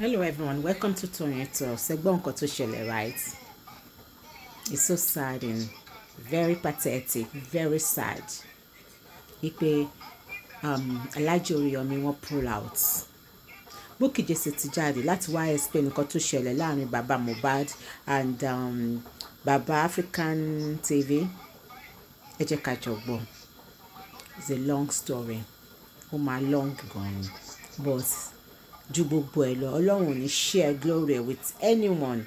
hello everyone welcome to Toyeen Talks ẹgbọ́n nǹkan right it's so sad and very pathetic very sad wípé um, Alhaji Oriyomi wọ́n pull out Bukky Jesse ti jáde láti wá explain nǹkan tó ṣẹlẹ̀ láàrin baba Mohbad and um, baba African TV ẹ jẹ́ ká jọ gbọ́ it's a long story ó máa long gan but ju gbogbo ẹ̀ lọ ọlọ́run ò share glory with anyone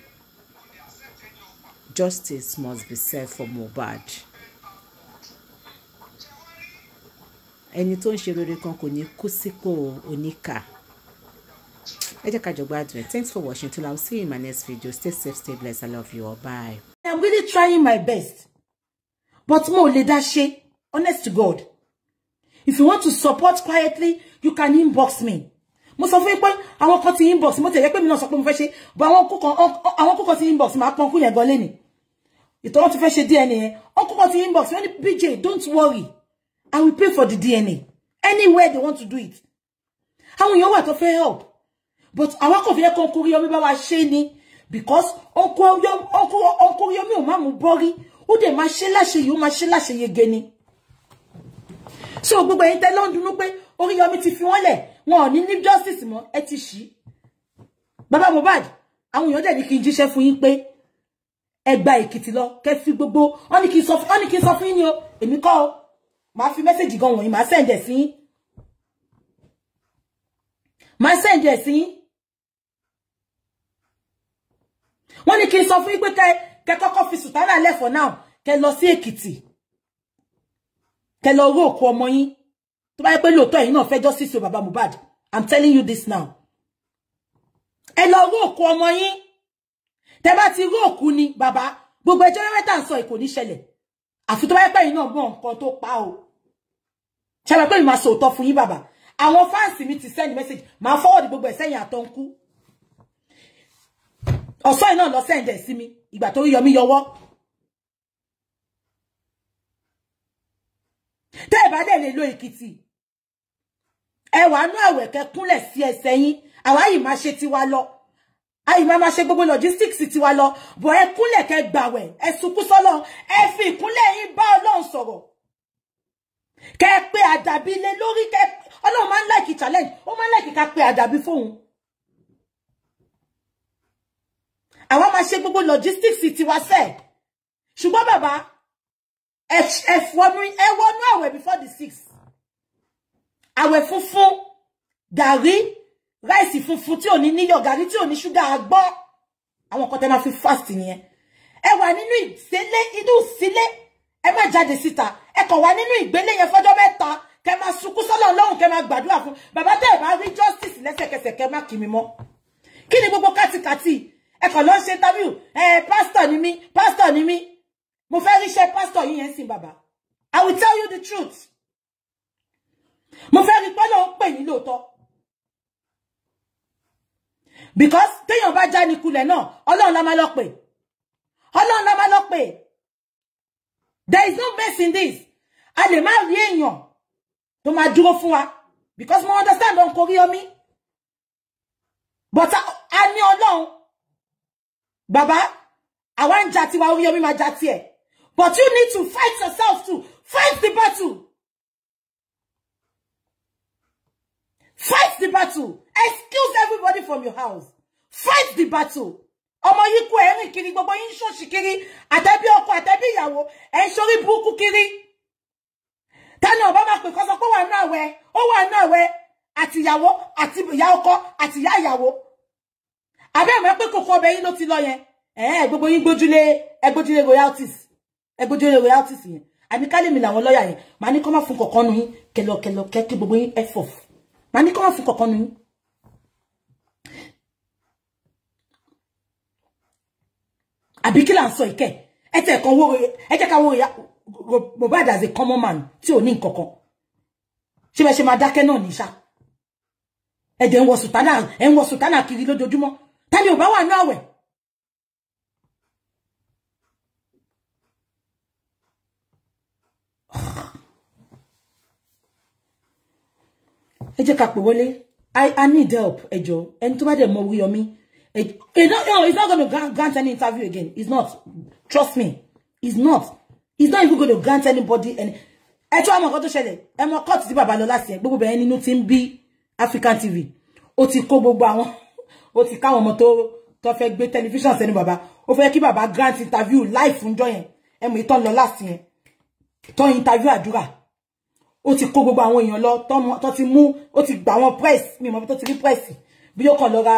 justice must be served for Mohbad ẹni tó ń ṣe rere kan kò ní kú sípò oníkà ẹ jẹ́ ká jọ gbádùn thanks for watching till i will see you in my next video stay safe stay blessed i love you all bye. i am really trying my best but mo lè dá ṣe honest to god if you want to support quietly you can inbox me mo sọ fún yín pé àwọn kan ti inbox mo tẹ̀lé pé mi náà sọ pé mo fẹ́ ṣe bọ àwọn kókò ti inbox máa pọn kú yẹn gan lẹ́nìí ìtọ́wọ́ ti fẹ́ ṣe DNA yẹn wọ́n kókò ti inbox wọ́n ní BJ don't worry I will pay for the DNA anywhere they want to do it àwọn èèyàn wà tó fẹ́ help but àwọn kò fi yẹ kó Okunriyomi bá wa ṣe ni because Okunriyomi ò má mú bọ́rí ó dẹ̀ máa ṣe láṣe yìí ó máa ṣe láṣe yege ni so gbogbo ẹ̀yin tẹ́lọ́ ń dunú pé Oríyọmí ti fi wọ́n lẹ̀ wọn ò ní ní justice mọ́ ẹ ti ṣí bàbá Mohbad àwọn èèyàn dẹ̀ ní kí n jíṣẹ́ fún yín pé ẹ Èkìtì lọ kẹ́ fi gbogbo wọn ní kí n sọ fún yín ni o èmi kọ́ o màá fi mẹ́sẹ̀gì gan wọ̀nyí màá sẹ̀ǹdẹ̀ sí yín màá sẹ̀ǹdẹ̀ sí yín wọ́n ní kí n sọ fún yín pé kẹ́ kẹ́ kọ́kọ́ fi sùtánà lẹ̀ for now kẹ́ lọ sí Èkìtì kẹ́ lọ ró òkú ọmọ yín tó bá yẹ pé lóòótọ́ ẹ̀yin náà fẹ́ justice o bàbá Mohbad i'm telling you this now ẹ lọ rú òkú ọmọ yín tẹ́ bá ti rú òkú ni bàbá gbogbo ẹjọ́ rẹ́rẹ́ tà ń sọ ìkò ní ṣẹlẹ̀ àfi tó bá yẹ pé ẹ̀yin náà mọ pa o ṣe pé mi máa sọ òótọ́ fún yín bàbá àwọn fáǹsì mi ti send message máa fọwọ́dì gbogbo ẹ̀ sẹ́yìn àtọ́nkú ọ̀sán yìí náà lọ send ẹ̀ sí mi ìgbà tó yọ mí yọwọ́ tẹ́ ẹ̀ bá dẹ̀ lo Èkìtì ẹ wà nú àwẹ̀ kẹ́ kúnlẹ̀ sí ẹsẹ̀ yín àwa yìí máa ṣe tiwa lọ àyè máa máa ṣe gbogbo logistics tiwa lọ bọ̀ ẹ kúnlẹ̀ kẹ́ gbàwẹ̀ ẹ sunkún sọ́lọ́ ẹ fi ìkúnlẹ̀ yín bá ọlọ́run sọ̀rọ̀ kẹ́ pé àdàbí lé lórí kẹ́ ọlọ́run máa ń láìkì challenge ó máa ń láìkì ká pé àdàbí fóun àwa máa ṣe gbogbo logistics tiwa sẹ́ẹ̀ ṣùgbọ́n bàbá ẹ wọnú àwẹ̀ before the six àwẹ̀ funfun gàrí ráìsì funfun tí ò ní níyọ̀ gàrí tí ò Sugar, àgbọ́ àwọn kan tẹ́ máa fi fast nìyẹn ẹ wà nínú ìsílé inú ìsílé ẹ má jáde síta ẹ kàn wà nínú ìgbélé yẹn fọ́jọ́ mẹ́ta kẹ máa sunkún sọ́lọ̀ ọlọ́run kẹ máa gbàdúrà fún bàbá tẹ́ bá rí justice lẹ́sẹ̀kẹsẹ̀ kẹ má kì mọ́ kí ni gbogbo kátìkátì ẹ kàn lọ ṣe interview ẹ pásítọ̀ ni mí pásítọ̀ ni mí mo fẹ́ ríṣẹ́ pásítọ̀ yín yẹn sìn bàbá I will tell you the truth mo fẹ́ rí pé ló ń pè yín lóòótọ́ because téèyàn bá já ní kulẹ̀ náà ọlọ́run la máa lọ pè ọlọ́run la máa lọ pè there is no base in this a lè má rí èèyàn tó máa dúró fún wa because mo understand on kori omi but a ní ọlọ́run bàbá I want jà tiwa orí omi but you need to fight yourself too fight the battle. Fight the battle. Excuse everybody from your house. Fight the battle. Omo yìí kú ẹ̀rín kiri gbogbo yín ṣọ́ọ̀ṣì kiri àtẹ́bí ọkọ àtẹ́bí ìyàwó ẹ̀ ń ṣorí burúkú kiri. Tani ọba máa pè kọ́ sọ pé wà náà wẹ ó wà náà wẹ àtìyàwó àti ya ọkọ àti ìyá ìyàwó. Àbẹ́ àmọ́ pé kòkó ọbẹ̀ yín ló ti lọ yẹn. Ẹ̀ẹ́ gbogbo yín gbójúlé ẹgbójúlé royalties ẹgbójúlé royalties yẹn. Àbíkálẹ̀ mi làwọn lọ́ọ̀yà yẹn màá ní kọ́ máa fún kọ̀ọ̀kan nu yín kẹlọ̀kẹlọ̀ kẹ́kẹ́ gbogbo yín ẹ̀fọ̀f màá ní kọ́ wà fún kọ̀ọ̀kan ni àbí kí sọ ìkẹ́ ẹ tẹ̀ kan wo ẹ jẹ́ ká wo ìyá Mohbad as a common man tí ò ní nǹkan kan ṣé bẹ́ẹ̀ ṣe máa dákẹ́ náà níṣà ẹ̀dẹ̀ ń wọ sùtánà ẹ̀ ń wọ sùtánà kiri lójoojúmọ́ tani ò bá wà ní we. wọlé i i need help Ejo. And tó bá dẹ̀ mọ Wúyọ̀mí ẹ he's not gonna grant, any interview again he's not trust me he's not he's not even gonna grant anybody any ẹ I'm going tó ṣẹlẹ̀ ẹ mọ kọ́ọ̀tù tí bàbá lọ láti ẹ gbogbo bẹ̀rẹ̀ nínú ti baba lo lati last gbogbo bere any new n B African TV ó ti kó gbogbo àwọn ó ti ọmọ tó tó fẹ́ gbé tẹlifíṣàn sẹ́nu bàbá ó fẹ́ kí bàbá grant interview live fúnjọ yẹn ẹ mọ̀ ìtọ́ lọ last year. tó interview àdúrà o ti kó gbogbo àwọn èèyàn lọ tó ti mú ó ti gbà wọn press mi mọ̀ bí tó ti rí press bí ó kàn lọ ra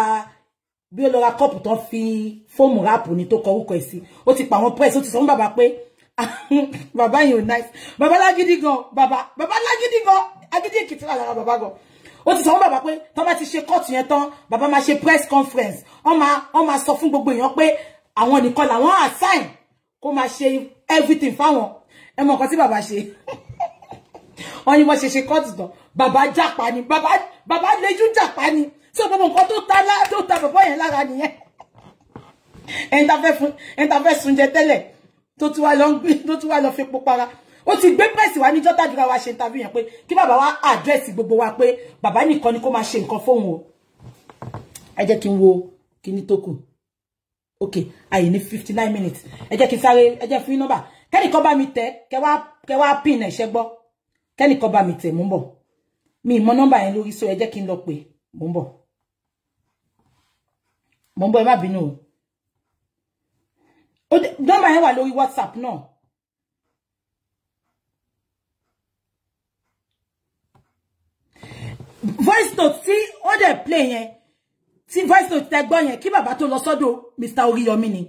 bí ó lọ ra kọ́ọ̀pù tó fi fóòmù ráàpù ni tó kọ orúkọ ẹ̀ sí ó ti pa àwọn press o ti sọ fún bàbá pé bàbá yìí ò nice bàbá lágídí gan bàbá bàbá lágídí gan agídí èkìtì wà lára bàbá gan ó ti sọ fún bàbá pé tó bá ti ṣe kọ́ọ̀tù yẹn tán bàbá máa ṣe press conference wọ́n máa wọ́n máa sọ fún gbogbo èèyàn pé àwọn nìkan làwọn assign kó máa ṣe everything fáwọn ẹ mọ̀ nǹkan tí bàbá ṣe wọ́n ní wọ́n ṣe ṣe kọ́ọ̀tù tán bàbá jàpá ni bàbá lẹ́jú jàpá ni tí o gbogbo nǹkan tó ta tó ta bàbá yẹn lára nìyẹn ẹni tá fẹ́ sunjẹ tẹ́lẹ̀ tó tún wá lọ fi popara ó ti gbé pẹ́sì wá níjọ́ tàdúrà wa ṣe ń tàbí yẹn pé kí bàbá wa àdírẹ́sì gbogbo wa pé bàbá nìkan ni kó máa ṣe nǹkan fóun o ẹ jẹ́ kí n wo kí ni tó kù ok àyè ní fifty nine minutes ẹ jẹ́ kí n sáré ẹ jẹ́ fún yín nọ́mbà kẹ́nìkan bá mi tẹ̀ kẹ́ wá pin ẹ̀ṣẹ́ gbọ́ kẹ́nìkan bá mi tẹ̀ mú bọ̀ mi mọ nọ́mbà yẹn lórí so ẹ jẹ́ kí n lọ pè mú bọ̀ mú bọ̀ ẹ má bínú o nọ́mbà yẹn wà lórí WhatsApp náà. voice note tí o de play yẹn tí voice note tẹ gbọ́ yẹn kí bàbá tó lọ sọ́dọ̀ Mr. Oríyọmí ni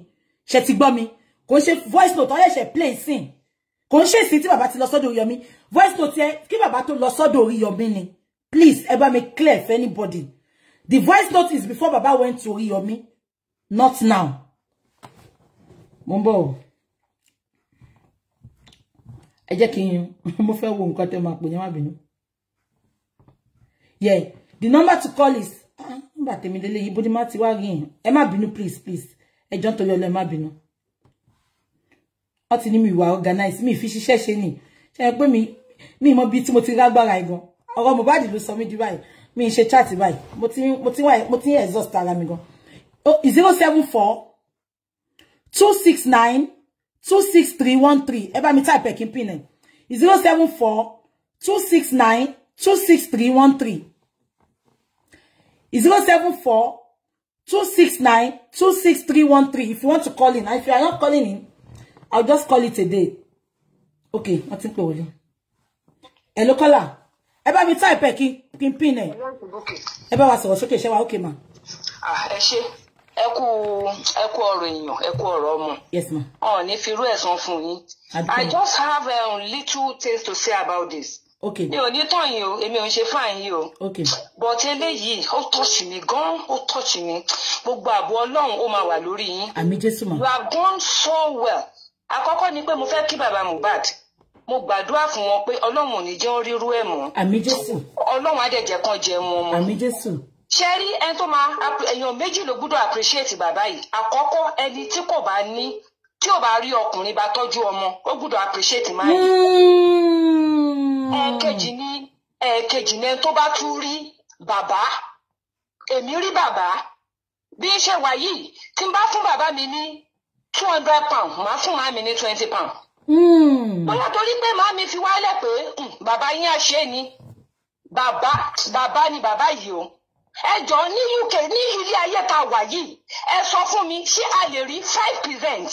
ṣe ti gbọ́ mi kò ṣe voice note ó yẹ ṣe play sìn kò ń ṣèṣì tí bàbá ti lọ sọ́dọ̀ Oríyọmí voice note ẹ kí bàbá tó lọ sọ́dọ̀ Oríyọmí ni please ẹ make clear for anybody the voice note is before Baba went to Oríyọmí not now Mumbo. ń bọ̀ o ẹ jẹ́ kí n mo fẹ́ wo nǹkan tẹ́ máa pè yeah the number to call is ah, nígbà tèmi lélẹ́yìí bó ni má ti wá rí yẹn ẹ má please please ẹ jọ́ to torí ọlọ́ ẹ má bínú wọ́n ti ní mi wa organize mi fi ṣiṣẹ́ ṣe ni ṣe pé mi mi mọ bí tí mo ti lágbára igan ọ̀rọ̀ Mohbad ló sọ mí di báyìí mi ṣe chat báyìí mo ti mo ti wà mo ti exhaust ara mi gan oh, 074 269 26313 ẹ bá mi type ẹ kí n pin ẹ 074 269 26313 074 269 26313 if you want to call in if you are not calling in I'll just call it a day. Okay, I think we will. Hello, caller. Ẹ bá mi type ẹ kí kí n pin ẹ. Ẹ bá wa sọ̀rọ̀ sókè ṣé wa okay ma. Ah, ẹ ṣé. Ẹ kú ẹ kú ọ̀rọ̀ èèyàn, ẹ kú ọ̀rọ̀ ọmọ. Yes ma. Oh, ní firú ẹ̀sán fún yín. I just have a um, little things to say about this. Okay. Mi ò ní tàn yín o, èmi ò ń ṣe fáìn o. Okay. But eléyìí, ó tọ́sí mi gan, ó tọ́sí mi. Gbogbo ààbò Ọlọ́run ó máa wà lórí yín. Àmì Jésù mà. You have gone so well àkọ́kọ́ ni pé mo fẹ́ kí bàbá Mohbad mo gbàdúrà fún wọn pé ọlọ́run ò ní jẹ́ orírú ẹ̀ mọ́ àmín Jésù ọlọ́run á dẹ̀ jẹ wọn mọ́ àmín ẹni tó máa èèyàn méjì ló gbúdọ̀ appreciate bàbá yìí àkọ́kọ́ ẹni tí kò bá ní tí ò bá rí ọkùnrin bá tọ́jú ọmọ ó gbúdọ̀ appreciate máa yìí ẹ̀ẹ̀kejì hmm. ni ẹ̀ẹ̀kejì ni ẹni tó bá tún rí bàbá èmi rí bàbá bí ṣe wà yìí tí n bá fún bàbá mi ní two hundred pound màá fún màmí ní twenty pound. Hmm. bóyá torí pé màmí fi wálẹ̀ pé hmm, bàbá yín àṣẹ ni bàbá bàbá ni bàbá yìí o ẹ jọ ní UK ní ilé ayé tá a wà yìí ẹ sọ fún mi ṣé a lè rí five percent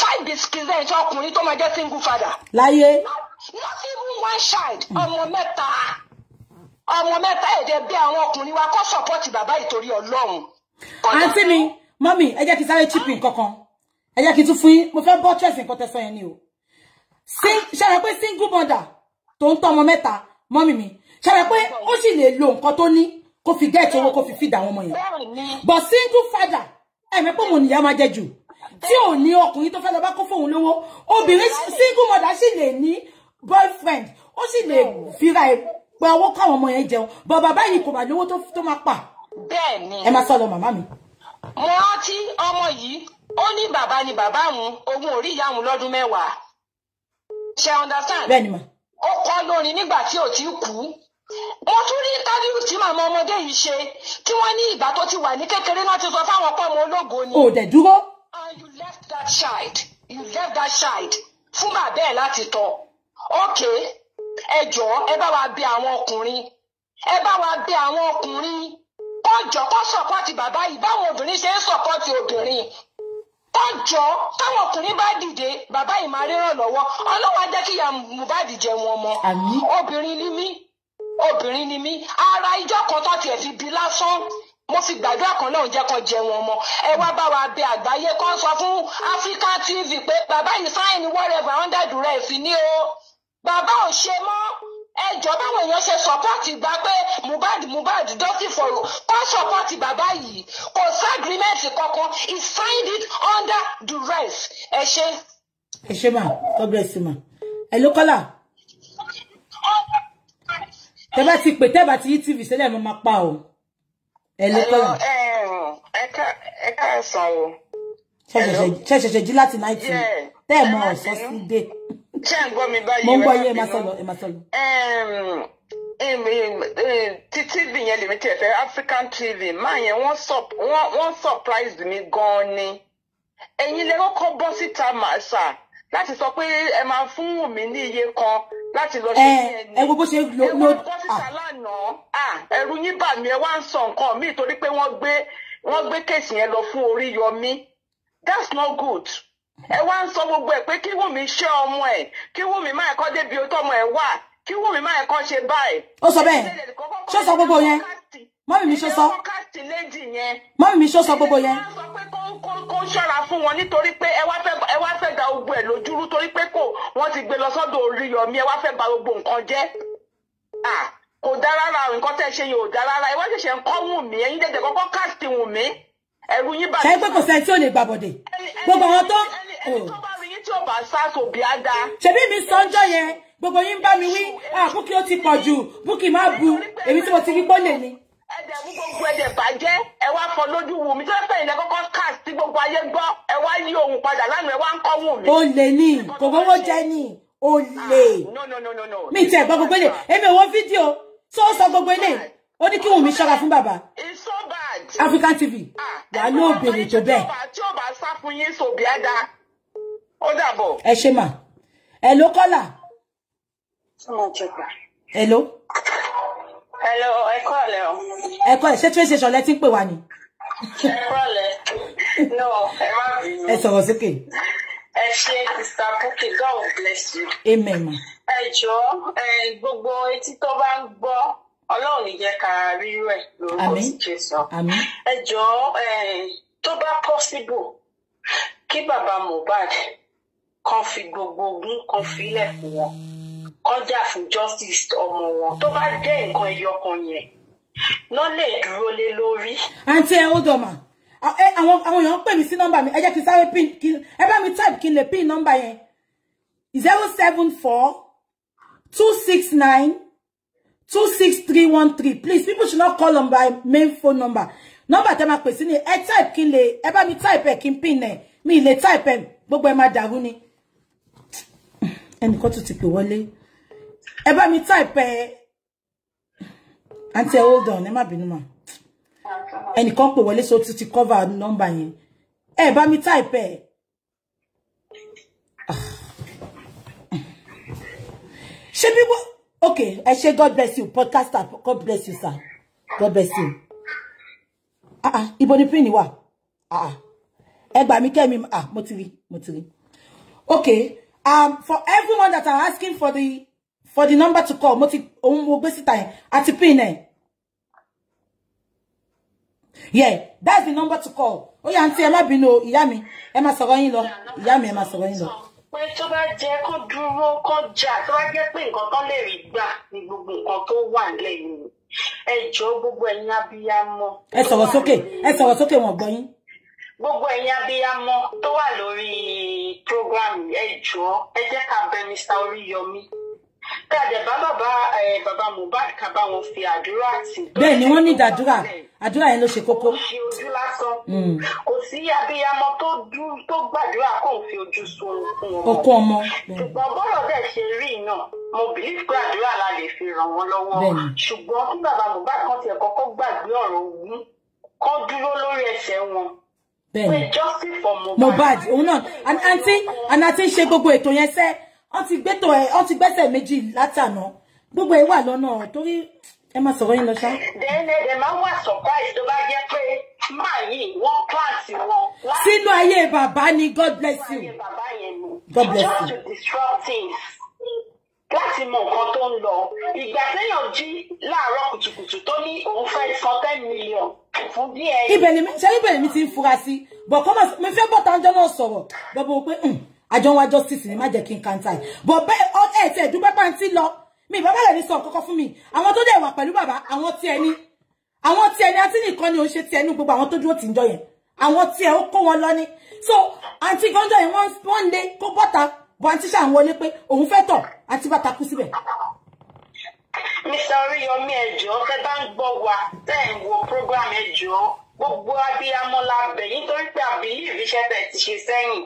five percent ọkùnrin tó máa jẹ́ single father. láyé. not even one child ọmọ mẹ́ta ọmọ mẹ́ta ẹ̀dẹ̀ bí àwọn ọkùnrin wa kó sọ̀pọ̀tì bàbá ìtorí Ọlọ́run. àǹtí mi mọ́mì ẹ jẹ́ kí sáré chip in kankan. ẹ jẹ́ kí n tún mo fẹ́ buttress nǹkan tẹ́ sọ yẹn ni o ṣe rẹ pé single mother tó ń tọ́ ọmọ mẹ́ta mọ́mì mi ṣe rẹ ó sì lè lo nǹkan tó ní kó fi gẹ́ẹ̀tì owó kó fi feed àwọn ọmọ yẹn but single father ẹ̀mí pé mo nìyá máa jẹ jù tí ò ní ọkùnrin tó fẹ́ lọ bá kó fóun lówó obìnrin single mother sì lè ní boyfriend ó sì lè fira ẹ̀ pé owó káwọn ọmọ yẹn jẹun but bàbá yìí kò bá lówó tó máa pa ẹ máa sọ lọ màmá mi. mo rántí ọmọ yìí ó ní bàbá ni bàbá àwọn ogún orí ìyá àwọn lọ́dún mẹ́wàá ṣe understand ó kọ́ lórin nígbà tí ò ti kú mo tún rí interview tí màmá ọmọdé yìí ṣe tí wọ́n ní ìgbà tó ti wà ní kékeré náà ti sọ fáwọn ọ̀pọ̀ ọmọ ológo ni. o dẹ̀ dúró. and you left that child you left that child fún bàbá ẹ̀ láti tọ́ ok ẹ jọ̀ọ́ ẹ bá wa bí àwọn ọkùnrin ẹ bá wa bí àwọn ọkùnrin kọjọ kọ sọpọtì bàbá yìí báwọn obìnrin ṣe ń sọpọtì obìnrin ẹ jọ táwọn ọkùnrin bá dìde bàbá yìí máa ríràn lọ́wọ́ ọlọ́wọ́ jẹ́ kí ìyá Mohbad jẹ wọn mọ́ obìnrin ni mí obìnrin ni mí ara ìjọ kan tó tiẹ̀ fi bi lásán mo fi gbàdúrà kan náà jẹ́ kan jẹ wọn mọ́ ẹ wá bá wa bẹ àgbáyé kan sọ fún Africa TV pé bàbá yìí sáyẹn ni wọ́n rẹ̀ bá hundred rẹ̀ sí ní o bàbá ò ṣe mọ́ ẹjọ báwọn èèyàn ṣe sọpọ́ọ̀tì gba pé Mohbad Mohbad justice for all kó sọpọ́ọ̀tì bàbá yìí kò sí agreement kankan he signed it under duress ẹ ṣe. ẹ ṣe ma God bless you ma ẹ ló kọ́là tẹ bá ti pè tẹ bá ti yí tv sílẹ̀ mo máa pa o eh, ẹ ló kọ́là. ẹ káàsán o. ṣẹ̀ṣẹ̀ṣẹ̀ jí láti náìtì tẹ́ ẹ̀ mọ ọ̀sán sí dé ṣé ń gbọ́ mi báyìí mo ń gbọ́ yé ẹ máa sọ lọ ẹ máa sọ lọ. títí bìyẹn fẹ́ African TV máa yẹn wọ́n surprise mi gan-an ni ẹ̀yin lè kọ́kọ́ bọ́ síta màṣà láti sọ pé ẹ máa fún Wùmí ní iye kan láti lọ ṣe ní ẹni ẹ wo bó ṣe lo lo ẹ wọ́n bọ́ síta ah. lánàá ẹ̀rù yín bà mí ẹ wá ń sọ nǹkan míì torí pé wọ́n gbé wọ́n gbé kéèsì yẹn lọ fún Oríyọmí that's not good ẹ wá ń sọ gbogbo ẹ pé kí Wùmí ṣe ọmọ ẹ kí Wùmí má ẹkọ débi ó tọmọ ẹ wà kí Wùmí má ẹkọ ṣe báyìí. ó sọ bẹ́ẹ̀ ṣé ó sọ gbogbo yẹn mọ́mí mi ṣe sọ mọ́mí mi ṣe sọ gbogbo yẹn. kó ṣọ́ra fún wọn nítorí pé ẹ wá fẹ́ da gbogbo ẹ̀ lójúrú torí pé kò wọ́n ti gbé lọ sọ́dọ̀ Oríyọ̀mí ẹ wá fẹ́ bà gbogbo nǹkan jẹ́ kò dá rárá nǹkan tẹ́ ṣe yóò dá rárá ẹ wá ṣẹ̀ṣẹ̀ ń kọ́ Wùmí ẹ̀yin dẹ̀dẹ̀ kọ́kọ́ káàsì Wùmí ẹ̀rù yín bàjẹ́. ṣé pé kò sẹ́ni tí ò lè gbàbọ̀dẹ̀ gbogbo àwọn tó ẹni tó bá mi yín tí ò bá sáàsò bí á yẹn gbogbo yín bá mi wí Búkì ó ti pọ̀ jù Búkì má bu èmi tí mo ti rí pọ́lẹ̀ ni. ẹ̀dẹ̀ mú gbogbo ẹ̀dẹ̀ bàjẹ́ ẹ wá fọ lójú wù mí tó fẹ́ ìlẹ̀ kọ́kọ́ cast tí gbogbo ayé gbọ́ ẹ wá yí ohun padà lánàá ẹ wá ń kọ́ wù mí. olè ni kò gbọ́wọ́ jẹ́ ni olè. mi tẹ̀ gbọ́ gbogbo ilé èmi ò wo fídíò tó sọ gbogbo ilé ó ní kí wù mí ṣọ́ra fún bàbá. African TV ah, wà lóòbèrè tó bẹ́ẹ̀. tí ó bá sá fún yín ó dàbọ̀. ẹ ṣe mà ẹ ló kọ́là. ẹ ló. ẹ ló ẹ kọ́ ọ̀lẹ́ o. ẹ kọ́ ẹ ṣé train station lẹ ti ń pè wá ni. ẹ kọ́ ọ̀lẹ́ no ẹ má bínú. ẹ sọ̀rọ̀ sókè. ẹ ṣe sista Bukky God will bless you. amen ma. ẹ jọ̀ọ́ gbogbo etí tó bá ń gbọ́ ọlọ́run ní jẹ́ ká rírú ẹ̀ lórúkọ sí jésù ẹ jọ̀ọ́ tó bá possible kí bàbá Mohbad kan fi gbogbo ogun kan filẹ̀ fún wọn kan fún justice ọmọ wọn tó bá jẹ́ nǹkan ẹyọ kan yẹn lọ lè dúró lé lórí. àǹtí ẹ ó dọ̀mà àwọn àwọn èèyàn ń pè mí sí nọ́mbà mi ẹ jẹ́ kí n sáré pin ẹ bá mi type kí n lè pin nọ́mbà yẹn zero seven four two six nine two six three one three please people should not call on my main phone number number tẹ́ máa pè sí ni ẹ type kí n lè ẹ bá mi type ẹ kí n pin ẹ mi lè type ẹ gbogbo ẹ máa dàrú ni ẹnìkan tó ti pè wọlé ẹ bá mi type ẹ àǹtí ẹ hold on ẹ má bínú mà ẹnìkan pè wọlé so ti ti cover number yẹn ẹ bá mi type ẹ ṣé bí wọ́n okay ẹ ṣé god bless you podcaster god bless you sir god bless you ah ah ibo ni pin wa. ah ah ẹ gbà mí kẹ́mi ah mo ti rí mo ti rí okay um for everyone that are asking for the for the number to call mo ti ohun mo pin ẹ yeah that's the number to call ó yá àǹtí ẹ má bínú o mi ẹ má sọ̀rọ̀ yín lọ ìyá mi ẹ má sọ̀rọ̀ yín lọ. pé tó bá jẹ́ kó dúró kó jà tó bá jẹ́ pé nǹkan tán lè rí gbà ní gbogbo nǹkan tó wà lẹ́yìn ẹ jọ̀ọ́ gbogbo ẹ̀yin abiyamọ. ẹ sọ̀rọ̀ sókè ẹ sọ̀rọ̀ sókè wọ́n gbọ́ yín gbogbo ẹ̀yin abiyamọ tó wà lórí program ẹ jọ̀ọ́ ẹ jẹ́ ká bẹ Mr. Oríyọmí bí àdẹ̀bá bàbá bàbá Mohbad ká bá wọn fi àdúrà tì. bẹ́ẹ̀ ni wọ́n ní ìdádúrà àdúrà yẹn ló ṣe kókó. kò fi ojú lásán mm. kò sí abiyamọ tó gbàdúrà kó fi ojú sun okun ọmọ. ṣùgbọ́n bọ́rọ̀ bẹ́ẹ̀ ṣe rí náà mo believe pé àdúrà la lè fi ràn wọ́n lọ́wọ́ ṣùgbọ́n kí bàbá Mohbad kan tiẹ̀ kọ́kọ́ gbàgbé ọ̀rọ̀ ogun kó dúró lórí ẹsẹ̀ wọn bẹ́ẹ̀ni Mohbad òun náà àǹtí àǹtí ṣe gbogbo ètò yẹn sẹ́ wọ́n ti gbẹ́tò ẹ̀ wọ́n ti gbẹ́sẹ̀ méjì látànà gbogbo ẹ̀ wà lọ́nà torí ẹ máa sọ̀rọ̀ yín lọ ṣá. dẹ́nẹ́ dẹ̀ máa wà surprise tó bá jẹ́ pé máa yìí wọ́n pààtì wọn. sínú ayé bàbá ni God bless you. God bless you láti mọ nǹkan tó ń lọ ìgbà téèyàn jí láàárọ̀ kùtùkùtù tó ní òun fẹ́ san ten million fún díẹ̀. ibẹ̀ ni mi ṣe ibẹ̀ ni mi ti ń fura sí bọ̀ kọ́mọ̀ mi fẹ́ bọ̀ tájọ́ náà sọ̀rọ̀ bọ́bọ̀ pé hmm, àjọ wa justice ni má jẹ́ kí n kanta ẹ̀ bọ̀ bẹ́ẹ̀ ọ ẹ̀ tẹ̀ dúpẹ́ pàǹtí lọ mi bàbá rẹ̀ ní sọ kọ́kọ́ fún mi àwọn tó dẹ̀ wà pẹ̀lú bàbá àwọn tí ẹni àwọn tí ẹni àti nìkan ni ò ń ṣe ti ẹnu gbogbo àwọn tó dúró tì ń jọ yẹn àwọn tí ẹ ó kó wọn lọ ni so àǹtí gọ́njọ́ yẹn wọ́n ń lé kó bọ́ta bọ́ntí ṣà ń wọlé pé òun fẹ́ tọ̀ àti bàtà kú síbẹ̀. Mr. Oríyọmí ẹjọ́ tẹ bá ń gbọ́ wa tẹ́ ẹ̀ ń wo program ẹjọ́ gbogbo abiyamọ la bẹ̀ nítorí pé àbílíìfì iṣẹ́ bẹ́ẹ̀ ti ṣe sẹ́yìn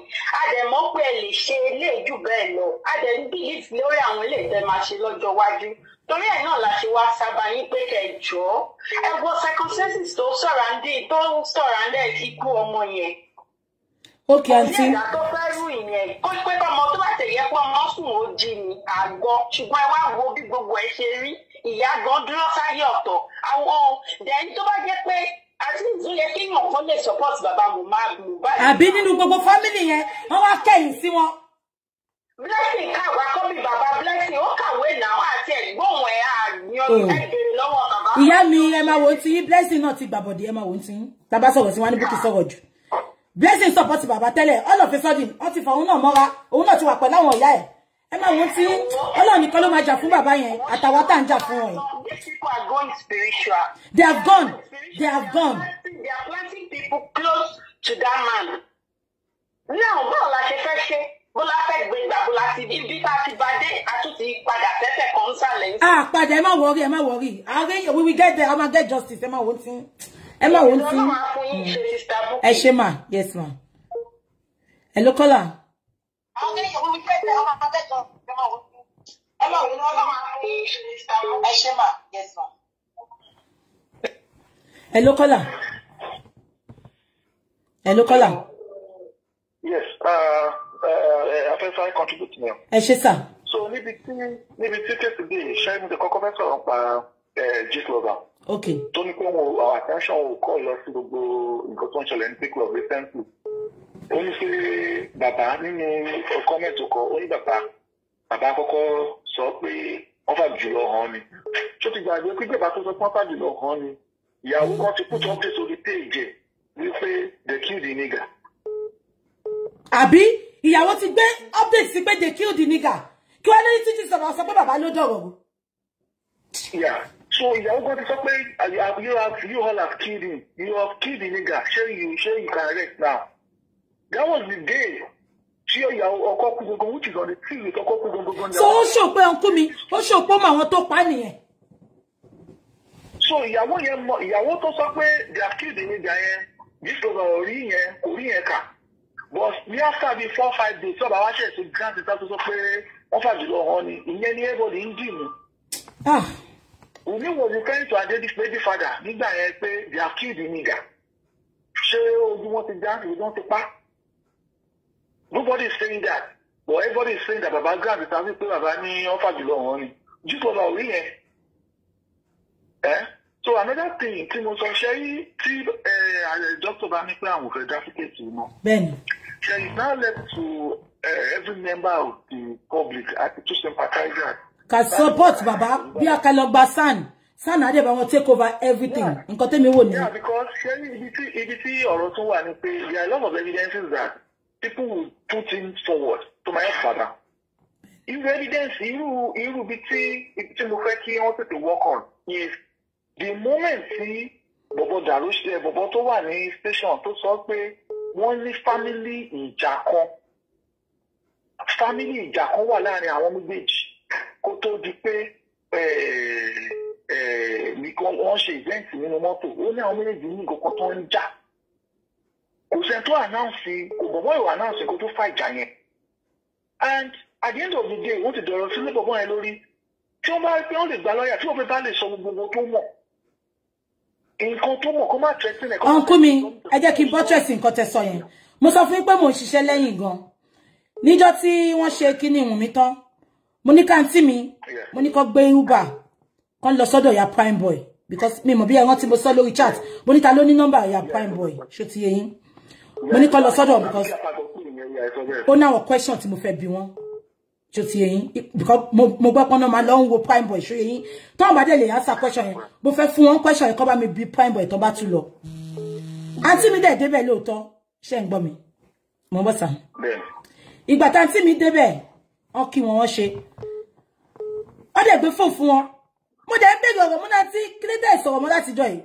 àdẹ̀mọ́ pé ẹ lè ṣe eléyìí jù bẹ́ẹ̀ lọ àdẹ̀ ń bílíìfì lórí àwọn eléyìí tẹ́ máa ṣe lọ́jọ́ iwájú torí ẹ̀ náà la ṣe wá sábà yín pé kẹjọ́ ẹ wo circumstances tó sọ̀rọ̀ àǹdí tó sọ̀rọ̀ àǹdí ikú ọmọ yẹn Ok àǹtí. ilé ìdájọ́ fẹ́ rú ìyẹn kó pé bọ́mọ tó bá tẹ̀yẹ pọ́ ọmọ sùn ó ìyá gan dúró sáyé ọ̀tọ̀ àwọn dẹ́yìn tó bá jẹ́ pé àti ìdílé kéèyàn kan lè support bàbá Mohbad. àbí nínú gbogbo fámìlì yẹn wọ́n wá kẹ́yìn sí wọn. blessing kàwé akọ́bí bàbá blessing ó kàwé náà àti ẹ̀gbọ́n ẹ̀ àgbọn ẹ̀gbẹ̀rẹ̀ oh. lọ́wọ́ bàbá. ìyá mi ẹ máa wo ti blessing náà ti gbàbọ̀dé ẹ máa wo ti tá a bá sọ̀rọ̀ sí wọn ní bùkún sọ̀rọ̀ jù blessing support bàbá tẹ́lẹ̀ all of a sudden wọ́n ti fa òun Mora, mọ́ra òun náà ti wà pẹ̀lú àwọn ìyá ẹ̀ ẹ máa wọ́n tí ọlọ́run nìkan ló máa jà fún bàbá yẹn àtàwọn tá à ń jà fún people are going spiritual. they have gone they have gone. they are planting people close to that man. now báwo la ṣe fẹ́ ṣe bọ́lá fẹ́ gbé gbàgbọ́ láti ibi tá a ti bá dé a tún ti padà tẹ́tẹ̀ kan Ah, àpàdé ẹ má worry. ẹ má wọrí àárẹ̀ we will get there a get justice ẹ má wọ́n tí ẹ má wọ́n tí ẹ ṣe mà yes ma ẹ ló kọ́là. Hello uh, uh, uh, Kola. kọ́là. ẹ ló kọ́là. yes afẹ́fẹ́ contribute now. ẹ ṣe sà. so níbi tí níbi tí tẹ̀sí bíi ṣẹ́ni kọ́kọ́ fẹ́ sọ̀rọ̀ pa jíṣ lọ́ba tó ní kó wo our attention wò kọ́ lọ sí gbogbo nǹkan tó ń ṣẹlẹ̀ ní pípọ̀ recently ó ní sí bàbá nínú comment kọ ó ní bàbá bàbá kọ́kọ́ sọ pé wọ́n fà jùlọ hàn ni tó ti gbàgbé pé bàbá tó sọ pé wọ́n fà jùlọ hàn ni ìyàwó kan ti put up sórí page ẹ̀ wípé they kill the nigger. àbí ìyàwó ti gbé update sí pé they kill the nigger kí wọ́n ní títí sọ̀rọ̀ sọ pé bàbá ló dọ̀rọ̀ so ìyàwó kan ti sọ pé you have you all have killed him you have killed the nigga ṣé you ṣé you can rest now that was the day tí ìyàwó ọkọ kú gangan which is on the tv ọkọ kú gangan gangan. so ó ṣòpé ọkú mi ó ṣòpó mọ àwọn tó pa nìyẹn. so ìyàwó yẹn mọ ìyàwó tó sọ pé they have killed the nigga yẹn nítorí orí yẹn kò rí yẹn kà but ní after bíi four five days ọba wa ṣẹ̀ ṣe grant ìta tó sọ pé wọ́n fàjùlọ ọ̀hún ni ìyẹn ní everybody ń dì mú. Ah. Wùmí was referring to Adedipe's father nígbà yẹn pé they have killed the nigger. Ṣé ojú wọn ti dáhùn ojú wọn ti pa? Nobody is saying that but everybody is saying that Baba Grab is having pé Baba ní ọ́fà jùlọ wọn ni. Jùlọ ọba òrí yẹn. So another thing tí mo sọ ṣe yí tí dókítà bá ní pé àwọn òfin dáfíkèsì mọ́. Bẹ́ẹ̀ni. Ṣé it's now left to uh, every member of the public to sympathize that ka support baba bí a ka lọ gba san san adé bá wọn take over everything nǹkan tẹ́mi wò ni. because ibi tí ibi tí ọ̀rọ̀ tún ni pé there are a lot of evidences that people will put in forward to my father In evidence irú irú ibi tí ibi tí mo fẹ́ kí wọ́n to work on is the moment tí bọ̀bọ̀ dàrú ṣe bọ̀bọ̀ tó wà ní station to sọ pé wọ́n ní family ìjà kan family ìjà kan wà láàrin àwọn kó tó di pé wọ́n ṣe ìvẹ́ǹtì nínú mọ́tò ó ní àwọn méjèèjì ní nǹkan tó ń jà kò sẹ́ni tó ànáǹsì kò bọ̀bọ̀ ìwà ànáǹsì kó tó fà ìjà yẹn and at the end of the day wọ́n ti dọ̀rọ̀ sílé bọ̀bọ̀ yẹn lórí tí wọ́n bá rí pé wọ́n lè gba lọ́ọ̀yà tí wọ́n bá lè sọ gbogbo tó mọ̀ nǹkan tó mọ̀ kó má tẹ̀sí nìkan. ọ̀nkú mi ẹ jẹ́ kí n bọ́tẹ̀sì nǹkan tẹ sọ yẹn mo sọ fún yín pé mò ń ṣiṣẹ́ lẹ́yìn gan-an níjọ́ tí wọ́n ṣe kíní ìwùn mi tán mo ní kántí mi mo ní kó gbé uber kó lọ sọ́dọ̀ ìyá prime boy because mi mọ̀ bí ẹran tí mo sọ lórí chat mo ní ta ló ní nọ́mbà ìyá prime boy ṣó ti yé yín mo ní kó lọ sọ́dọ̀ because ó náwọn question tí mo fẹ́ bi wọ́n ṣó ti yé because mo gbọ́ pọ́n náà máa lọ wo prime boy ṣó yé yín ba àwọn le dé lè answer question yẹn mo fẹ́ fún wọn question yẹn kó bá mi bi prime boy tó ba tún lọ àǹtí mi dẹ̀ débẹ̀ lóòótọ́ ṣé ń gbọ́ mi mo bọ́ sà ìgbà tá àǹtí mi débẹ̀ wọ́n kí wọn wọ́n ṣe wọ́n dẹ̀ gbé fóònù fún wọn mo dẹ̀ ń bèèrè ọ̀rọ̀ mọ́ láti kílédè ìsọ̀rọ̀ mọ́ láti jọ yìí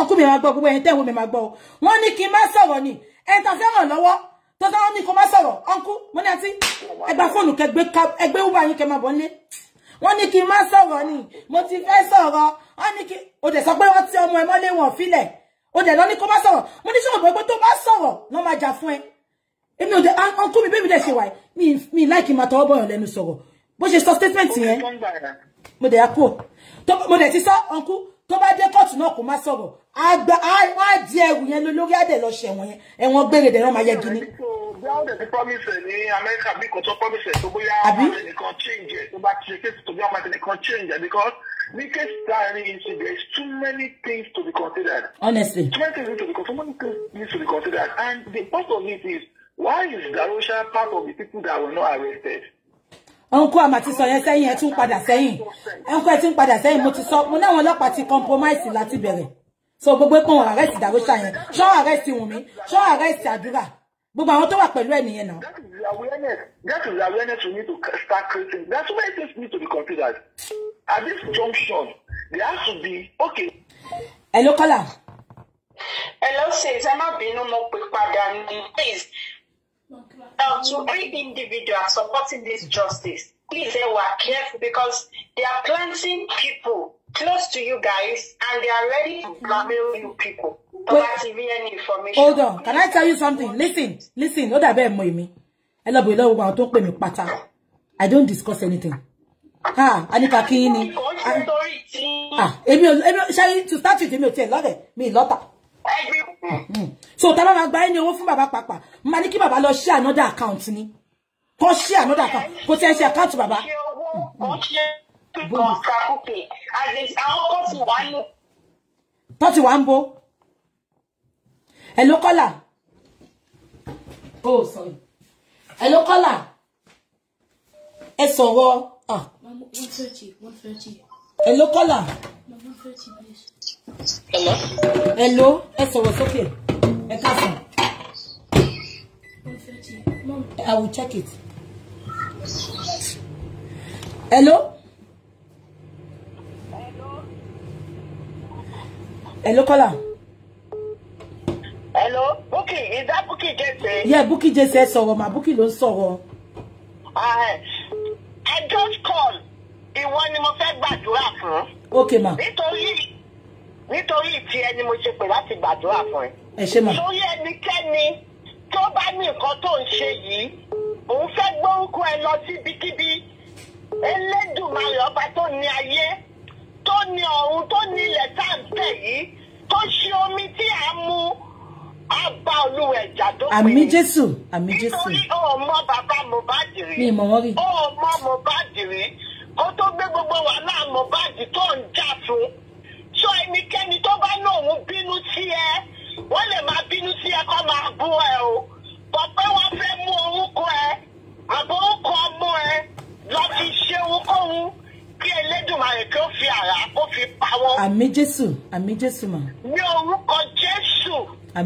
ọkùn mi máa gbọ́ gbogbo ẹ̀yin tẹ́wọ́ mi máa gbọ́ o wọ́n ní kí n má sọ̀rọ̀ ni ẹ̀ tàn fẹ́ràn lọ́wọ́ tó tán wọ́n ní kó má sọ̀rọ̀ ọ̀nkú mo ní àti ẹgbà fóònù kẹgbẹ́ wúwa yín kẹ máa bọ̀ nílé wọ́n ní kí n má sọ̀rọ̀ ni mo ti fẹ́ sọ̀rọ̀ wọ́n ní kí o dẹ̀ sọ pé wọ́n ti ọmọ ẹ mọ́lé wọn filẹ̀ o dẹ̀ lọ ní kó má sọ̀rọ̀ mo ní sọ̀rọ̀ pé tó má sọ̀rọ̀ lọ́ máa jà fún ẹ èmi ò dé uncle mi bẹ́ẹ̀ mi dẹ̀ ṣe mi mi láìkì máa tọwọ́ bọ̀yàn lẹ́nu sọ̀rọ̀ bó ṣe sọ statement yẹn mo dẹ̀ kó mo dẹ̀ ti sọ uncle tó bá dé kóòtù náà kó má sọ̀rọ̀ àgbà wá di ẹrù yẹn lórí àdẹ̀ lọ ṣe ẹ̀wọ̀n yẹn ẹ̀wọ̀n gbére dẹ̀ náà máa yẹ gini. honestly too to be considered and the point of it is. Why is Darusha part of the people that were not arrested? Uncle àmà ti sọ yẹn sẹ́yìn ẹ tún padà sẹ́yìn. Uncle ẹ ti ń padà sẹ́yìn mo ti sọ mo náwọn ọlọ́pàá ti compromise láti bẹ̀rẹ̀. So gbogbo pé wọn arrest Darusha yẹn. Ṣọ́ arrest Wunmi, ṣọ́ arrest Àdúrà. Gbogbo àwọn tó wà pẹ̀lú ẹ̀ nìyẹn náà. That is the awareness. That is the awareness we need to start creating. That's why things need to be considered. At this junction, there has to be okay. Hello, Kala. Hello, sis. I'm má bínú mo pè padà ní. Please. Now, to every individual supporting this justice, please say eh, we're careful because they are planting people close to you guys and they are ready to uh-huh. blackmail you people. Wait, hold on. Can I tell you something? Listen, listen. No, that ẹ̀mọ́ èmi. I love you. lọ́wọ́ àwọn tó ń pè mí pátá. I don't discuss anything. Ha, ah, Anika kí Ah, èmi ò, Shall ò, to start with èmi ò tiẹ̀ lọ́rẹ̀, mi lọ́tà so tá bá máa gba ẹni owó fún bàbá pàpà máa ní kí bàbá lọ ṣí another account ni kọ́ ṣí another account kò tẹ́ ṣe account bàbá. tó ti wá ń bo hello caller oh sorry hello caller ẹ sọ̀rọ̀ ah. one thirty one thirty. hello caller. one thirty hello. hello ẹ sọ̀rọ̀ sókè. Okay ẹ káàsán. I will check it. Hello? Hello, Hello, Kola. Hello, Buki, is that Buki Jesse? Yeah, Buki Jesse sọ̀rọ̀ mà, Buki ló ń sọ̀rọ̀. Uh, I just call. Ìwọ ni mo fẹ́ gbàdúrà fún. Okay, ma. Nítorí nítorí ti ẹ ni mo ṣe pè láti gbàdúrà fún ẹ. ẹ ṣe mọ. sórí ẹnikẹ́ni tó bá ní nǹkan tó ń ṣe yìí òun fẹ́ gbórúkọ ẹ lọ síbikíbi Elédùmarè ọba tó ní ayé tó ní ọ̀run tó ní ilẹ̀ tá à ń tẹ̀ yìí tó ṣe omi tí à ń mu àbá olúwa ẹ̀jà tó pè é. àmì jésù àmì jésù. nítorí ọmọ bàbá Mohbad rí. mi ìmọ̀ wọ́n rí. ọmọ Mohbad rí kó tó gbé gbogbo wàhálà Mohbad tó ń jà fún ṣọ́ ẹnikẹ́ni tó bá ní òun bínú sí ẹ wọ́n lè máa bínú sí ẹ kó máa bú ẹ o pọ̀pẹ́ wọ́n fẹ́ mú orúkọ ẹ àbọ̀ orúkọ ọmọ ẹ lọ fi ṣe ohunkóhun kí Elédùmarè kí ó fi àrà kó fi pa wọ́n. Jésù àmín Jésù mà. ní orúkọ Jésù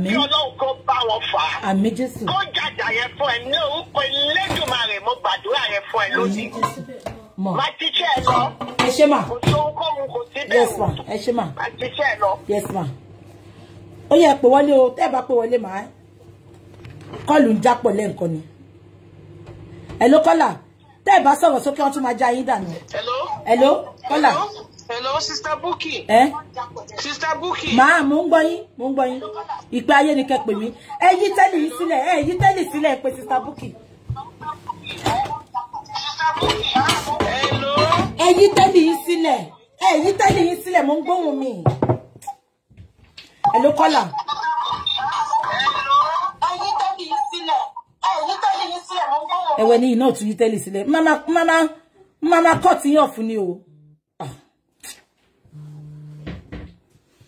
kí Ọlọ́run kó bá wọn fà á. àmín Jésù. kó jàjà yẹn fún ẹ ní orúkọ Elédùmarè mo gbàdúrà yẹn fún ẹ lónìí. àmín Jésù mọ. teacher no. ṣe ẹ lọ. ẹ ṣe mà. kò sóhun kọ́mu kò yes ma. ó yẹ pé wọlé o tẹ́ ẹ bá pé wọlé màá kọ́ọ̀lù ń jápọ̀ lẹ́ǹkan ni. ẹ ló kọ́là tẹ́ ẹ bá sọ̀rọ̀ sókè wọ́n tún máa já yín dànù. ẹ ló kọ́là. ẹ ló sista Bukky. ẹ sista Bukky. màá mò ń gbọ́ yín mò ń gbọ́ yín ìpè ayé ni kẹ́ pè mí ẹ yí tẹ́lì yín sílẹ̀ ẹ yí tẹ́lì sílẹ̀ ẹ pé ẹ̀yin tẹ́lẹ̀ yín sílẹ̀ ẹ̀yin tẹ́lẹ̀ yín sílẹ̀ mo ń gbóhùn mi hello kọ́là. ẹ̀wẹ̀ ní iná òtún yín tẹ́lẹ̀ sílẹ̀ mama mama mama kọ́ ti yàn fún ni o. Ah.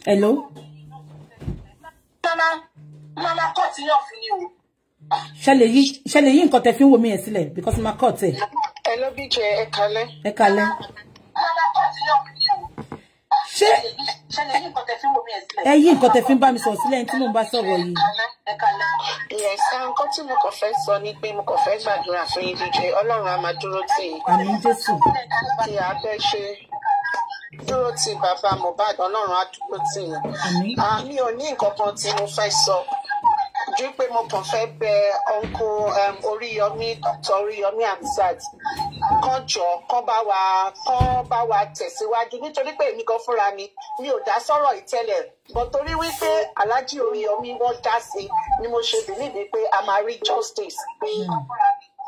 hello. mama mama kọ́ ti yàn fún ni o. ṣẹlẹ̀ yí nǹkan tẹ fi ń wo mi yẹn sílẹ̀ because ma kọ́ tẹ̀ ló bí jẹ ẹ kalẹ́. ẹ kalẹ́. ṣé ẹ yí nǹkan tẹ fi ń bá mi sọ̀rọ̀ sílẹ̀ tí mò ń bá sọ̀rọ̀ yìí. ìyẹ̀sà nǹkan tí mo kàn fẹ́ sọ ni pé mo kàn fẹ́ gbàdúrà fún yín jíjẹ ọlọ́run á máa dúró tì í. àmín jésù. tí a fẹ́ ṣe dúró ti bàbá Mohbad ọlọ́run á dúró tì í. àmì ah, ò ní nǹkan kan tí mo fẹ́ sọ ju pé mo kàn fẹ́ bẹ ọ̀nkò um, oríyọmí dr oríyọmí hamzat kàn jọ kàn bá wa kàn bá wa tẹ̀síwájú nítorí pé èmi gan fúnra mi mi ò dá sọ̀rọ̀ ìtẹ́lẹ̀ bọ̀ torí wípé aláàjì oríyọmí wọ́n dá sí ni mo ṣe bìlíbi pé a máa rí justice. Hmm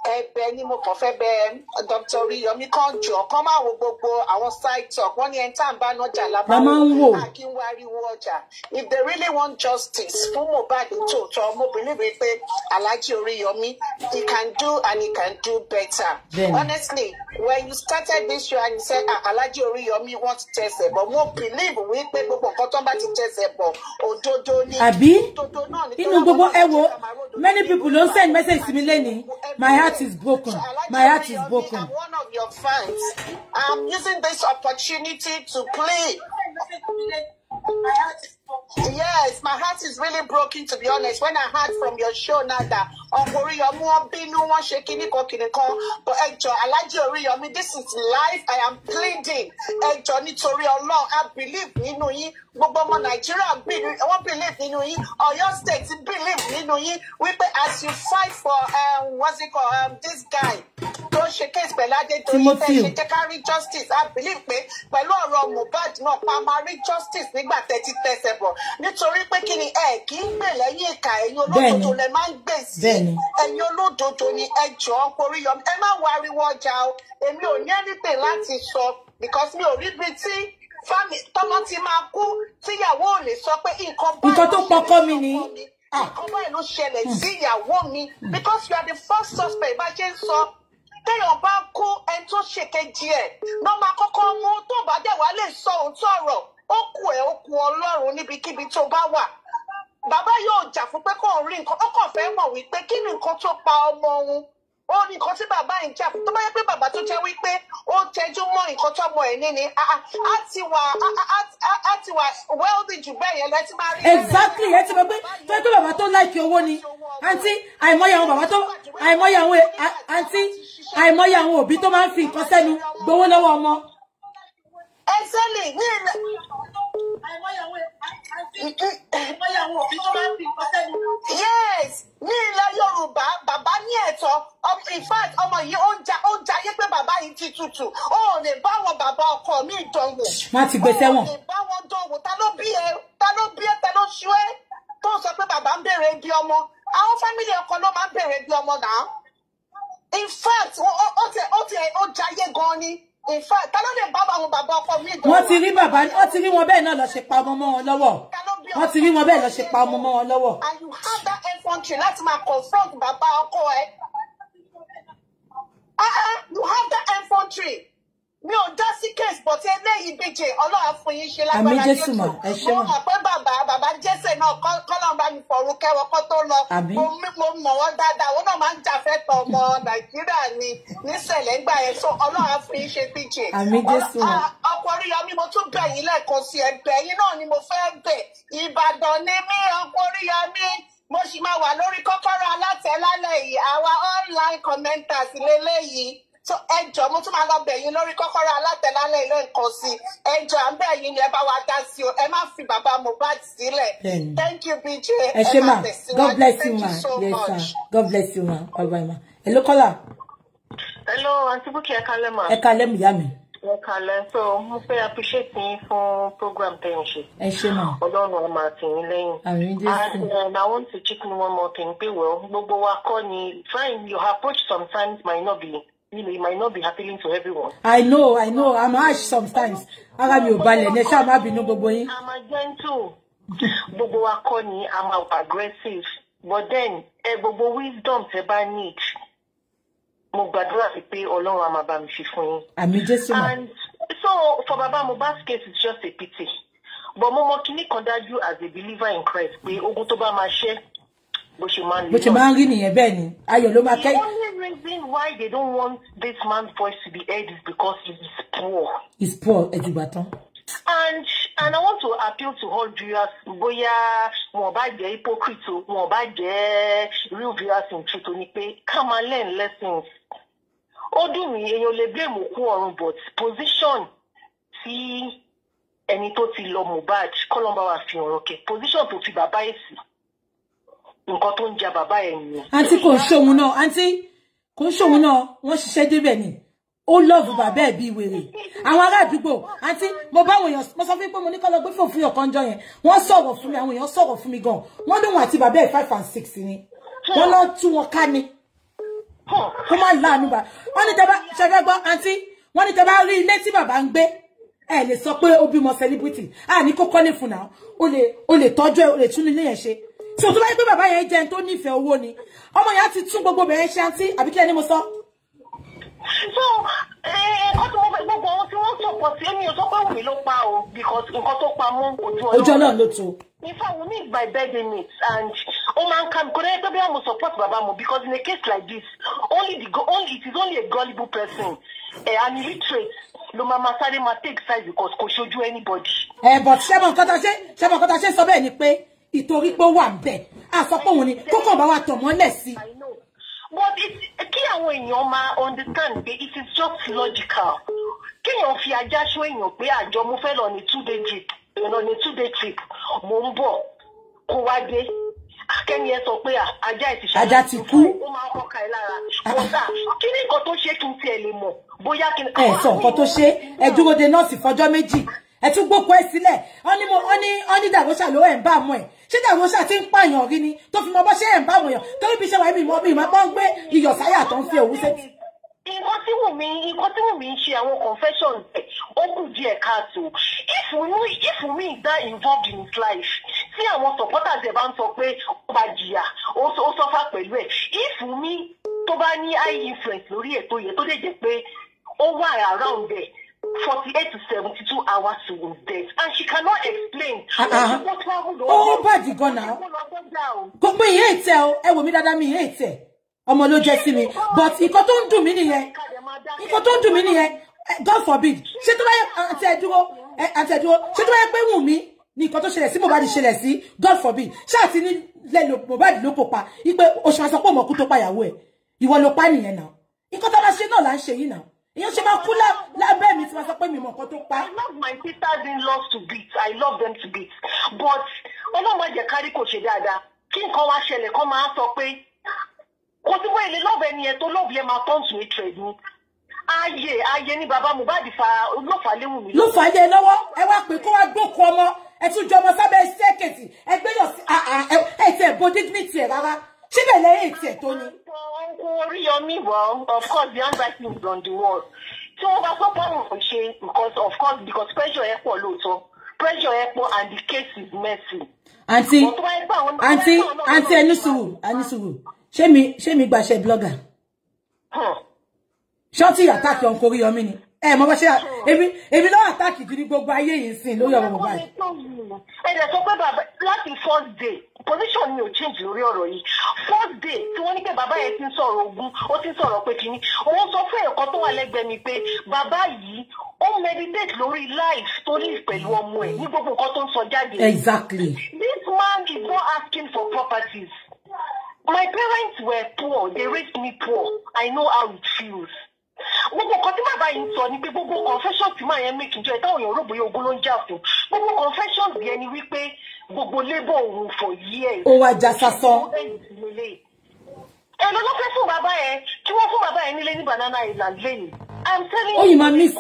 ẹ̀bẹ̀ ni mo kàn fẹ́ bẹ̀ Dr. Oríyọmí kan jọ kán máa wo gbogbo àwọn side talk wọ́n ní ẹni tá à ń bá nọjà lábá wọn kí n wáriwo ọjà if they really want justice fún Mohbad tòótọ́ mo believe pé Alhaji Oríyọmí he can do and he can do better Then. honestly when you started this show and you said ah, Alhaji Oríyọmí wọ́n ti tẹsẹ̀ bọ̀ mo believe wípé gbogbo nǹkan tó ń bá ti tẹsẹ̀ bọ̀ òdodo ni òdodo náà ni tó ń bá wọn ti tẹsẹ̀ bọ̀ àmàlódodo ni many people ló ń send message sí mi lẹ́nìí my heart heart is broken. Like My heart is broken. I'm one of your fans. I'm using this opportunity to play. My heart is Yes, my heart is really broken to be honest. When I heard from your show now that Oriyomi oh, wọ́n bínú shaking ṣe kíní kan the kan but I like your Oriyomi this is life I am pleading ẹ jọ̀ọ́ nítorí Ọlọ́run I believe but my Nigeria, I won't believe you. yín your state believe nínú We pay as you fight for um, what's it called um, this guy Don't shake his Adédoyin fẹ́ ṣe jẹ́ ká carry justice I believe me. But ọ̀rọ̀ mobad no. pa máa rí justice nígbà tẹ́tí tẹsẹ̀ labour nítorí pé kí ni ẹ kì í gbè lẹ́yìn ìka ẹ̀yin olódodo lẹ máa ń gbè sí ẹ̀yin olódodo ni ẹ jọ Oríyọmí ẹ má wariwo ọjà o èmi ò ní anything láti sọ because mi ò rí bíi tí tọ́mọ ti máa kú tíyàwó ò lè sọ pé nǹkan báyìí nǹkan tó pọkọ mi ni ah. nǹkan báyìí ló ṣẹlẹ̀ hmm. sí ìyàwó mi hmm. because you are the first suspect bá ṣe ń sọ téèyàn bá kú ẹni tó ṣèkejì ẹ̀ ló máa kọ́kọ́ mú tó bá dẹ̀ wá lè sọ òótọ́ ọ̀rọ̀ ó kù ẹ́ ó kù ọlọ́run níbikíbi tó bá wà bàbá yóò jà fún pé kò rí nǹkan ó kàn fẹ́ mọ̀ wípé kí ni nǹkan tó pa ọmọ òun ó ní nǹkan tí bàbá yìí jà fún tó bá yẹ pé bàbá tó jẹ́ wípé ó tẹjú mọ́ nǹkan tọ́mọ ẹ̀ níní á ti wà á ti wà wealthy jù bẹ́ẹ̀ yẹn lẹ́tí máa rí. exactly ẹ ti mọ̀ pé tó yẹ pé bàbá tó láìkí owó ni àǹtí àìmọye àwọn bàbá tó àìmọye àwọn àǹtí àìmọye àwọn òbí tó máa ń fi nǹkan sẹ́nu gbowó lọ́wọ́ ọmọ ẹsẹ̀lì ní ilẹ̀. yes ní ilẹ̀ Yorùbá bàbá ní ẹ̀tọ́ in fact ọmọ yìí ó ja ó ja yé pé bàbá yìí ti tutù ó lè bá wọn bàbá ọkọ mi dánwò. má ti gbèsè wọn. ó lè bá wọn dánwò ta ló bí ẹ ta ló bí ẹ ta ló ṣú ẹ tó sọ pé bàbá ń bèrè ibi ọmọ àwọn fámìlì ọkọ ló máa ń bèrè ibi ọmọ náà in fact ó ti ó ti ó jayé gan ni in fact ta ló lè bá àwọn bàbá ọkọ mi dọ̀wọ́. wọ́n ti rí bàbá wọ́n ti rí wọn bẹ́ẹ̀ náà lọ ṣe pa ọmọ wọn lọ́wọ́ wọ́n ti rí wọn bẹ́ẹ̀ lọ ṣe pa ọmọ wọn lọ́wọ́. and you have that ah, ah, you have that infantry mi ò dá sí case but eléyìí gbèjè ọlọ́run fún yín ṣe lágbára jésù mo mọ̀ pé bàbá bàbá jésè náà kọ́lọ́n bá mi fọ̀rọ̀ kẹwọ́ kó tó lọ mo mọ̀ wọ́n dáadáa wọn náà máa ń jàfẹ́tọ̀ ọmọ nàìjíríà ni nísẹ̀lẹ̀ ńgbà yẹn so ọlọ́run fún yín ṣe gbèjè ọkọ oríyọmí mo tún bẹ̀ yín lẹ́ẹ̀kan sí ẹgbẹ́ yín náà ni mo fẹ́ bẹ̀ ìbàdàn ni mí ọkọ oríyọmí mo sì máa wà lórí kọ́kọ́rọ́ alátẹ̀lálẹ̀ yìí àwa online commenters lélẹ́yìí so ẹjọ mo tún máa lọ bẹ̀ yín lórí kọ́kọ́rọ́ alátẹ̀lálẹ̀ ilé nǹkan sí ẹjọ à ń bẹ̀ yín ni ẹ bá wa dá sí o ẹ má fi bàbá Mohbad sílẹ̀ thank you BJ ẹ ṣé ma god bless you ma yes ma god bless you ma bye bye ma hello kọ́lá. hello aunty bukki ẹ kalẹ ma. ẹ kalẹ mu ya mi. ẹ so mo fẹ́ appreciate yín fún program tẹ́ ń ṣe. ẹ ṣé ma. ọlọ́run ọmọ àti yín lẹ́yìn. àmín jésù. and uh, i want to chicken one more thing pé well gbogbo wa kọ́ ni fine your approach sometimes might not be you know, it might not be appealing to everyone. I know, I know. I'm harsh sometimes. I'm a gentle. Gbogbo wa I'm aggressive. But then, ẹ gbogbo wisdom tẹ bá need. Mo gbàdúrà sí pé Ọlọ́run á And so for Baba Mohbad's case it's just a pity. But mo mọ you kan dájú as a believer in Christ We ogun tó bá máa bó ṣe máa ń rí bó ṣe máa ń rí nìyẹn bẹ́ẹ̀ ni ayọ̀ ló máa kẹ́. the only reason why they don't want this man's voice to be heard is because he is poor. he is poor ẹ̀dùgbà tán. and and I want to appeal to all viewers bóyá wọn bá jẹ́ hypocrite o wọn bá jẹ́ real viewers in truth ni pé ká máa learn lessons. ó dùn mí èèyàn lè blame òkú ọ̀run but position tí ẹni tó ti lọ Mohbad kọ́lọ́mbà wà fi hàn rọ̀kẹ̀ position tó fi bàbá èsì. E nǹkan tó ń ja bàbá ẹ̀ nìyẹn. àǹtí kò ṣòun náà àǹtí kò ṣòun náà wọ́n ṣiṣẹ́ débẹ̀ ni ó lọ́ọ̀bù bàbá ẹ̀ bíi wèrè àwọn ará àdúgbò àǹtí mo bá wòyàn mo sọ fún pé mo ní kọ́ lọ gbé fòfin ọ̀kanjọ́ yẹn wọ́n sọ̀rọ̀ fún mi àwọn èèyàn sọ̀rọ̀ fún mi gan wọ́n lóun àti bàbá ẹ̀ five and six ni wọ́n lọ tú wọn ká ni kó má láàánú bá wọ́n ní tẹ́bá ṣẹ́fẹ́ gbọ́ àǹtí wọ́n ní tẹ́bá rí ilé tí bàbá ń gbé ẹ lè sọ pé ó bímọ celebrity àní kó kọ́lé fún náà ó lè tọ́jú ẹ ó lè tún ilé yẹn ṣe so tó bá yẹ pé bàbá yẹn jẹ́ tó nífẹ̀ẹ́ owó ni ọmọ yẹn á ti tún gbogbo obìnrin ṣe àǹtí àbí kílẹ̀ ni mo sọ. so ẹ̀ẹ́dẹ́gbọ́n eh, tí mo fẹ́ gbogbo ohun tí wọ́n sọ̀pọ̀ sí èmi ò sọ pé Wùmí ló pa o because nǹkan tó pa mọ́ ojú ọlọ́run ojú ọlọ́run ló tó. in fact Wùmí is my birthday mate and o máa ń ka to kò dé pé bí wọ́n mo support bàbá mo because in a case like this only the only it is only a gullible person uh, an illiterate ló máa ma sáré ma take side because kò ṣojú anybody. ẹ bọ̀ ṣẹ́mọ̀ nǹkan tá a ṣe sọ bẹ́ẹ̀ ni pé ìtorí pé ó wà bẹ̀ àsọpọ̀ òun ni kókò bá wa tọ̀ mọ́lẹ̀ sí. but kí àwọn èèyàn máa understand pé it is just logical kéèyàn fi ajá ṣó èèyàn pé àjọ mo fẹ́ lọ ní two day trip lọ ní two day trip mo ń bọ̀ kó wá dé akẹ́ni ẹ sọ pé ajá ẹ ti ṣe ajá ti kú ó máa ń kọ́ka ẹ lára kódà kí ni nǹkan tó ṣe kí n tiẹ̀ lè mọ̀ bóyá kí ni. ẹ sọ nǹkan tó ṣe ẹ dúró de nọ́ọ̀sì fọjọ́ méjì ẹ tún gbóko ẹ sílẹ̀ ọní mo ọní ọní dàgọ́ṣà ló ẹ̀ ń bá mọ́ ẹ̀ ṣé dàgọ́ṣà ti ń pààyàn rí ni tó fi mọ bọ́ ṣé ẹ̀ ń bá wọ̀nyàn torí bí ṣe wà mí mọ́ mi ìmọ̀ bọ́ ń gbé iyọ̀sáyà tó ń fi òwú sétí. nǹkan tí Wùmí nǹkan tí Wùmí ń ṣe àwọn confession ẹ̀ ó kù díẹ̀ káàtó if we if we is that involved in his life tí àwọn supporters ẹ̀ bá ń sọ pé ó bá jìyà ó sọ́fà pẹ̀lú ẹ̀ if Wùmí tó bá ní high influence lórí ètò yẹn tó dẹ̀ jẹ́ pé ó wà around there 48 to 72 hours to death, and she cannot explain. ó bàjẹ́ gan na gbogbo ìyá ètè o ẹ wò mí dáadáa mi ìyá ètè ọmọ I'm jẹ́ sí me. but if tó don't do me, nìyẹn If tó don't do me, nìyẹn eh, God forbid She do bá yẹ ah, àti ẹdúró eh, àti ẹdúró ṣé tó bá yẹ pé wù mí ni nǹkan tó ṣẹlẹ̀ sí Mohbad ṣẹlẹ̀ God forbid She ati ni lẹ́nu Mohbad ló kó pa ipe oṣù àsọpọ̀ ọmọkú tó payàwó ẹ̀ ìwọ ló pa nìyẹn náà nǹkan tó bá ṣe náà là ń ṣe yìí ìyẹn ṣe máa kú lábẹ́ mi tí wọ́n sọ pé mi mọ̀ nǹkan tó pa. I love my sisters in love to beat. I love them to beat. but ọlọ́mọ ẹ̀jẹ̀ kárí kò ṣe dada. kí nǹkan wa ṣẹlẹ̀ kan ma sọ pé Ko ti bóyá ilé love ẹni yẹn tó lọ́ọ̀bù yẹn máa tọ́ǹtù ní trade ni ayé ayé ni bàbá Mohbad fa ló fà léwu mi. ló fà wa lọ́wọ́ ko wá pé kó wá gbókun ọmọ ẹ tún jọ ọmọ sábẹ́ sẹ́kẹ̀tì ẹ gbé yọ̀ e ẹ tẹ̀ bo dignity ẹ̀ rárá síbẹ̀ lẹ́yìn ìtẹ̀ tó ni kó Oríyọmí well of course the handwriting is on the wall tí wọ́n bá pọ́pọ́ wọn ṣe because of course because pressure ẹ̀ pọ̀ lóòótọ́ pressure ẹ̀ pọ̀ and the case is messy. àǹtí àǹtí àǹtí ẹni sùúrù ẹni sùúrù ṣé mi ṣé mi gbàṣẹ blogger ṣọ́ọ̀tì àtàkì ọ̀nkọ Oríyọmí ni ẹ mọ bá ṣe èmi èmi lọ àtàkì gidi gbogbo ayé yìí sìn lórí ọ̀rọ̀ bàbá yìí. ẹ lè sọ pé bàbá láti first day position mi ò change lórí ọ̀rọ̀ yìí first day tí wọ́n ní pé bàbá yẹn ti ń ogun ó ti ń sọ̀rọ̀ pé kínní òun sọ fún ẹ̀kọ́ tó wà lẹ́gbẹ̀ẹ́ mi pé bàbá yìí ó meditate lórí life tó live pẹ̀lú ọmọ ẹ̀ ní gbogbo nǹkan tó ń sọ exactly. this man is not asking for properties. my parents were poor they raised me poor i know how it feels gbogbo nǹkan tí bàbá yìí ń sọ ni pé gbogbo confession tí màá yẹn mí kìjọ ìtàn òyìn òrógbó yìí ogun ló ń jà fún gbogbo confession yẹn ni wípé gbogbo labour òun for years. ó wá já sásán. ẹ ló ló fẹ́ fún bàbá yẹn kí wọ́n fún bàbá yẹn nílé ní banana island lẹ́yìn. i'm telling you. oyin ma miss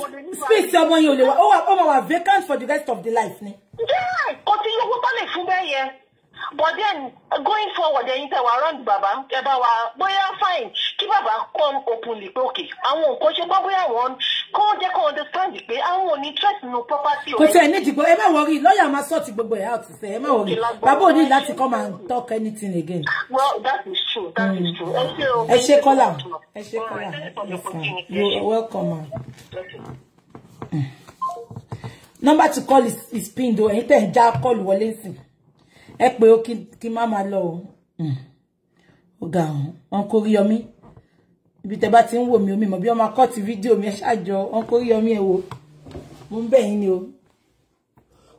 space ọmọ yẹn ò lè wá ó wà ó wà vacant for the rest of the life ni. yẹ́ẹ̀ kò tí yóò wọ́pọ̀ lè fún bẹ́ẹ̀ yẹn but then going forward ẹ̀yin tẹ́ wà round bàbá ẹ bá wa bóyá fine kí bàbá come openly pé òkè àwọn nǹkan ṣe gbọ́ bóyá wọn kó jẹ́ kó understand pé àwọn ò ní threat nínú property. kò tẹ́ ẹ nídìí pé ẹ má wọrí lọ́ọ̀yà máa sọ́ọ̀tì gbogbo ẹ̀ out ṣe ẹ má wọrí bàbá ò ní láti come and talk anything again. well that is true that is hmm. true. ẹ ṣe kọ́là ẹ ṣe kọ́là you are welcome hmm. number to call is, is pinned o oh, ẹ̀yin tẹ̀ ń já kọ́ọ̀lù wọlé sí i ẹ pé ó kí má máa lọ o hmm. ó ga ọ̀hún Kóríyọmí ibi tẹ bá ti ń wò mí omi mọ̀ bí ọmọ akọ́ ti fídíò mi ẹ ṣáàjọ ọ̀hún Kóríyọmí ẹ wo mo ń bẹ̀ yín ni o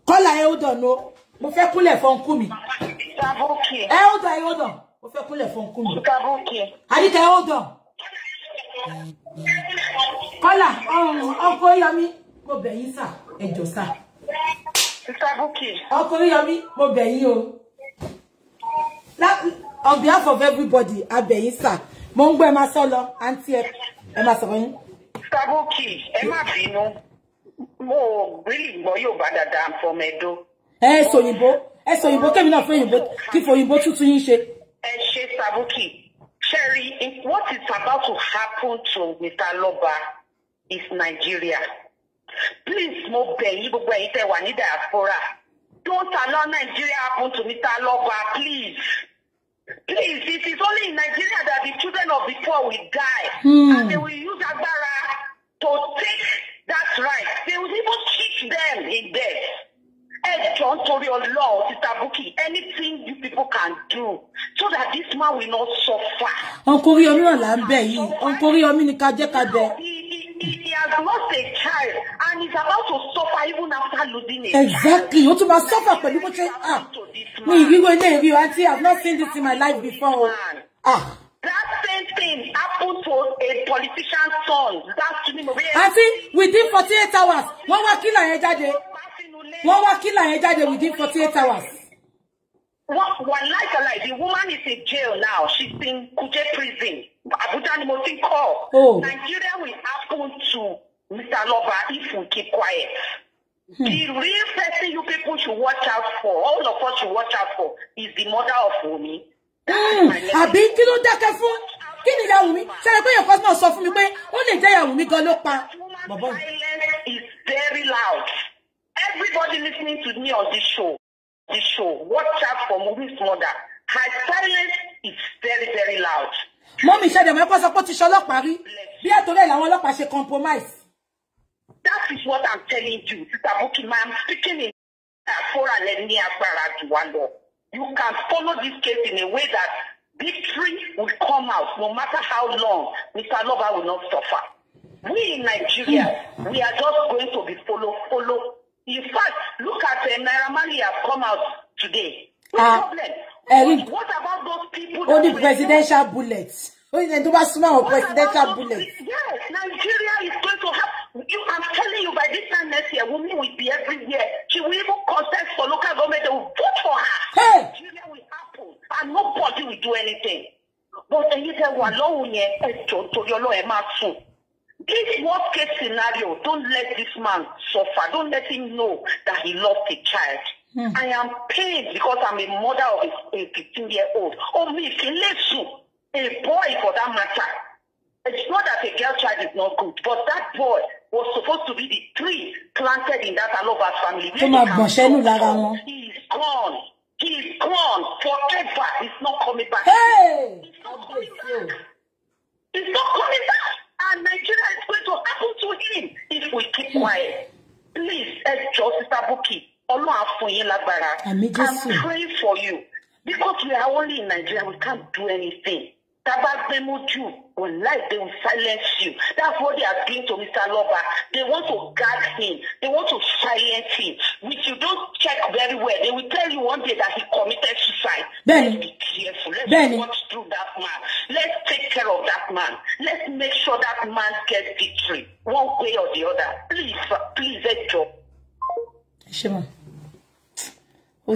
kọ́là ẹ ó dọ̀nà o mo fẹ́ kúnlẹ̀ fọ́n kú mi ẹ ó dọ̀ ẹ ó dọ̀ mo fẹ́ kúnlẹ̀ fọ́n kú mi àdìkà ẹ ó dọ̀ kọ́là ọ̀hún ọkọ̀ Kóríyọmí mo bẹ̀ yín sà ẹjọ́ sà. Sister Bukki. Okoyomi, mo bẹ̀ yín o. On behalf of everybody, I bẹ̀ yín sir. Mo ń gbọ́ auntie. máa sọ lọ, àǹtí ẹ ẹ máa sọ̀rọ̀ yín. Sister Bukki, ẹ má bínú. Mo really gbọ́ Yorùbá dáadáa from Edo. Ẹ sọ òyìnbó, ẹ sọ òyìnbó kẹ́mi náà fún òyìnbó kí fòyìnbó tuntun yín she, Ẹ ṣe Sister Sherry, what is about to happen to Mr. Loba is Nigeria please mo bẹ̀ yín gbogbo ẹ̀yin tẹ́ wà ní diaspora don't allow Nigeria happen to Mr. Logba please please it is only in Nigeria that the children of the poor will die mm. and they will use agbára to take that right they will even cheat them in death ẹjọ nítorí Ọlọ́run títa bukki anything you people can do so that this man will not suffer. ọkùnrin omi ọ̀la ń bẹ̀ yìí ọkùnrin omi ni ká jẹ́ ká bẹ̀ he has lost a child and is about to suffer even after losing a exactly. child. Exactly. O tún máa suffer for bó ṣe ah. Mi ìrírò ilé ìrí not seen this in my life before. Ah. That same thing happened to a politician's son last week. Àti within forty eight hours, wọ́n wá kílà yẹn jáde. Wọ́n wá kílà yẹn jáde within forty eight hours. One wà láìka láì, the woman is in jail now. She's in Kuche prison. Abuja ni mo ti kọ́. Oh. Nigeria will happen to Mr. Loba if we keep quiet. Hmm. The real person you people should watch out for, all of us should watch out for, is the mother of Wumi. Hmm. Àbí kí ló dákẹ́ fún? Kí ni ìyá Wunmi? Ṣẹ́ni pé èèyàn kan náà sọ fún mi pé ó lè jẹ́ ìyá Wunmi gan ló pa. Bọ̀bọ̀. Silence is very loud. Everybody listening to me on this show, this show, watch out for Wumi's mother. Her silence is very, very loud mọ́mí ìṣẹ̀dẹ̀ mọ́ ẹ̀kọ́ sọ pé ó ti ṣe ọlọ́pàá rí bí ètò rẹ̀ làwọn compromise. that is what i'm telling you sister mokima i'm speaking in afora lẹni agbára jù wá lọ you can follow this case in a way that victory will come out no matter how long mr loba will not suffer we in nigeria we are just going to be follow follow in fact look at uh, naira marley has come out today no uh, problem What about those people? bullet ó ní bullets. tó the súnmọ́ àwọn presidential bullets. yes Nigeria is going to have you I'm telling you by this time next year women will be everywhere she will even contest for local government they will vote for her. Hey. Nigeria will happen and nobody will do anything. but ẹ̀yin tẹ́ wà lọ́hùn yẹn ẹ̀jọ̀ torí ọlọ́run ẹ̀ This worst case scenario, don't let this man suffer. Don't let him know that he lost a child. Mm. I am pained because I'm a mother of a, a 15 year old. Oh, me, Kilesu, a boy for that matter. It's not that a girl child is not good, but that boy was supposed to be the tree planted in that Aloba's family. Where he, he is gone. He is gone forever. He's not coming back. Hey! He's not coming back. He's not coming back. And Nigeria is going to happen to him if we keep hmm. quiet. Please, help Joe Sister Buki. Ọlọ́run á fún I'm praying for you because we are only in Nigeria we can't do anything. Tabagbemu Jew will lie, they will silence you. That's what they are doing to Mr. Loba. They want to gag him. They want to silence him. Which you don't check very well. They will tell you one day that he committed suicide. Benny. Let's be careful. Let's Benny. watch through that man. Let's take care of that man. Let's make sure that man gets victory. One way or the other. Please, please, ẹ go. Shimon.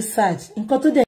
ó sad